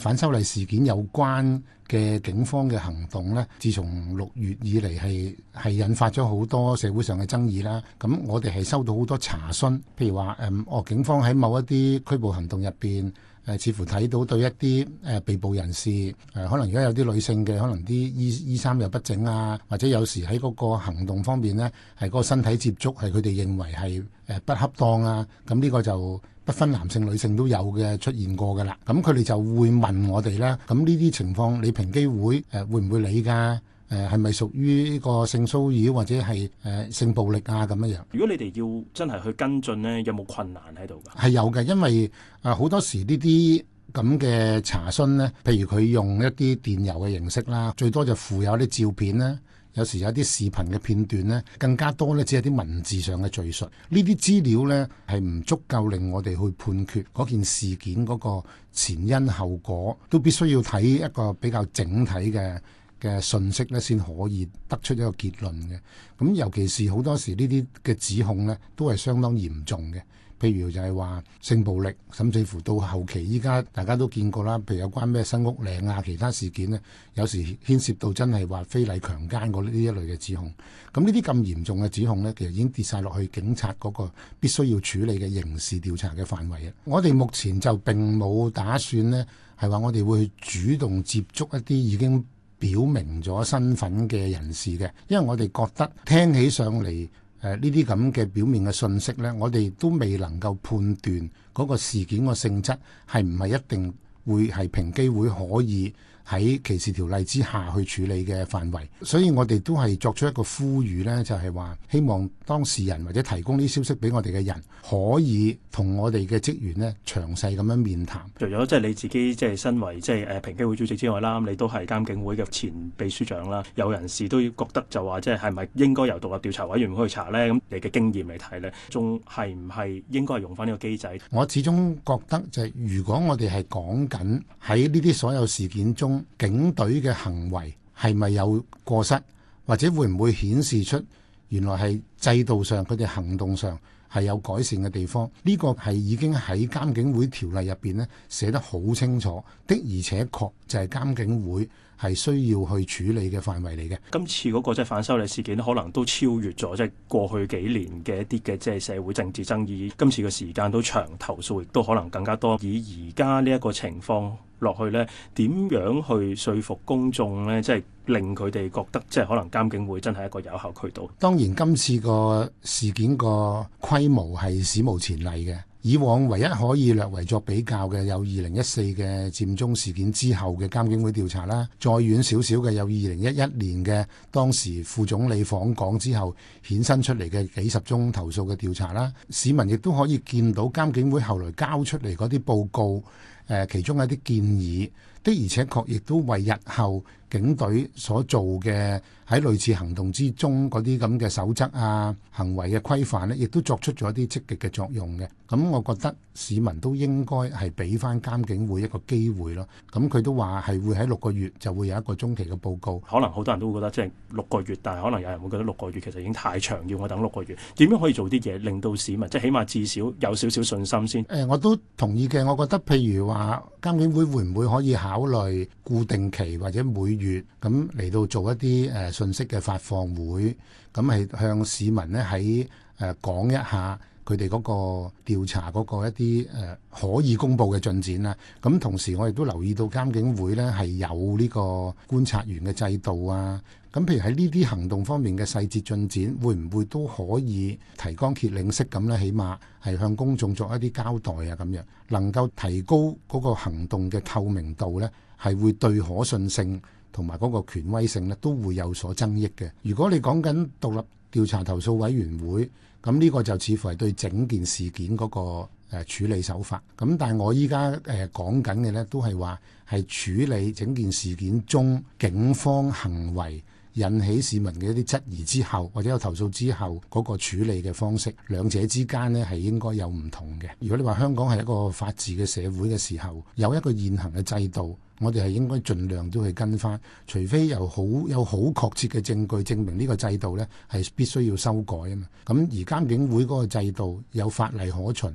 反修例事件有關嘅警方嘅行動咧，自從六月以嚟，係係引發咗好多社會上嘅爭議啦。咁我哋係收到好多查詢，譬如話，誒、嗯，我、哦、警方喺某一啲拘捕行動入邊。誒似乎睇到對一啲誒被捕人士誒，可能而家有啲女性嘅，可能啲衣衣衫又不整啊，或者有時喺嗰個行動方面呢，係嗰個身體接觸係佢哋認為係誒不恰當啊，咁呢個就不分男性女性都有嘅出現過噶啦，咁佢哋就會問我哋啦：「咁呢啲情況你平機會誒會唔會理㗎？誒係咪屬於呢個性騷擾或者係誒、呃、性暴力啊咁樣？如果你哋要真係去跟進呢，有冇困難喺度㗎？係有嘅，因為啊好、呃、多時呢啲咁嘅查詢呢，譬如佢用一啲電郵嘅形式啦，最多就附有啲照片咧，有時有啲視頻嘅片段呢，更加多呢，只係啲文字上嘅敘述。呢啲資料呢，係唔足夠令我哋去判決嗰件事件嗰個前因後果，都必須要睇一個比較整體嘅嘅信息咧，先可以得出一個結論嘅。咁、嗯、尤其是好多時呢啲嘅指控呢，都係相當嚴重嘅。譬如就係話性暴力，甚至乎到後期，依家大家都見過啦。譬如有關咩新屋嶺啊，其他事件呢，有時牽涉到真係話非禮強奸嗰呢一類嘅指控。咁呢啲咁嚴重嘅指控呢，其實已經跌晒落去警察嗰個必須要處理嘅刑事調查嘅範圍。啊。我哋目前就並冇打算呢，係話我哋會主動接觸一啲已經。表明咗身份嘅人士嘅，因為我哋覺得聽起上嚟，誒呢啲咁嘅表面嘅信息咧，我哋都未能夠判斷嗰個事件個性質，係唔係一定會係平機會可以。喺歧視條例之下去處理嘅範圍，所以我哋都係作出一個呼籲呢，就係話希望當事人或者提供呢啲消息俾我哋嘅人，可以同我哋嘅職員呢詳細咁樣面談。除咗即係你自己即係身為即係誒平機會主席之外啦，你都係監警會嘅前秘書長啦，有人士都覺得就話即係係咪應該由獨立調查委員會去查呢？咁你嘅經驗嚟睇呢，仲係唔係應該用返呢個機制？我始終覺得就係如果我哋係講緊喺呢啲所有事件中。警隊嘅行為係咪有過失，或者會唔會顯示出原來係制度上佢哋行動上係有改善嘅地方？呢個係已經喺監警會條例入邊呢寫得好清楚，的而且確就係監警會係需要去處理嘅範圍嚟嘅。今次嗰個即係反修例事件，可能都超越咗即係過去幾年嘅一啲嘅即係社會政治爭議。今次嘅時間都長，投訴亦都可能更加多。以而家呢一個情況。落去呢點樣去説服公眾呢？即係令佢哋覺得，即係可能監警會真係一個有效渠道。當然，今次個事件個規模係史無前例嘅。以往唯一可以略為作比較嘅，有二零一四嘅佔中事件之後嘅監警會調查啦。再遠少少嘅，有二零一一年嘅當時副總理訪港之後衍生出嚟嘅幾十宗投訴嘅調查啦。市民亦都可以見到監警會後來交出嚟嗰啲報告。誒，其中一啲建議，的而且確亦都為日後警隊所做嘅喺類似行動之中嗰啲咁嘅守則啊、行為嘅規範呢，亦都作出咗一啲積極嘅作用嘅。咁我覺得市民都應該係俾翻監警會一個機會咯。咁佢都話係會喺六個月就會有一個中期嘅報告。可能好多人都會覺得即係六個月，但係可能有人會覺得六個月其實已經太長，要我等六個月，點樣可以做啲嘢令到市民即係起碼至少有少少信心先。誒、欸，我都同意嘅。我覺得譬如話。啊！監警會會唔會可以考慮固定期，或者每月咁嚟到做一啲誒信息嘅發放會？咁係向市民咧喺誒講一下。佢哋嗰個調查嗰個一啲誒可以公佈嘅進展啦，咁同時我亦都留意到監警會呢係有呢個觀察員嘅制度啊，咁譬如喺呢啲行動方面嘅細節進展，會唔會都可以提綱挈領式咁咧？起碼係向公眾作一啲交代啊，咁樣能夠提高嗰個行動嘅透明度呢，係會對可信性同埋嗰個權威性呢都會有所增益嘅。如果你講緊獨立，調查投訴委員會，咁呢個就似乎係對整件事件嗰、那個誒、呃、處理手法。咁但係我依家誒講緊嘅咧，都係話係處理整件事件中警方行為。引起市民嘅一啲質疑之後，或者有投訴之後嗰個處理嘅方式，兩者之間咧係應該有唔同嘅。如果你話香港係一個法治嘅社會嘅時候，有一個現行嘅制度，我哋係應該盡量都去跟翻，除非有好有好確切嘅證據證明呢個制度咧係必須要修改啊嘛。咁而監警會嗰個制度有法例可循，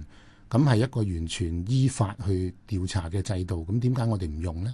咁係一個完全依法去調查嘅制度，咁點解我哋唔用咧？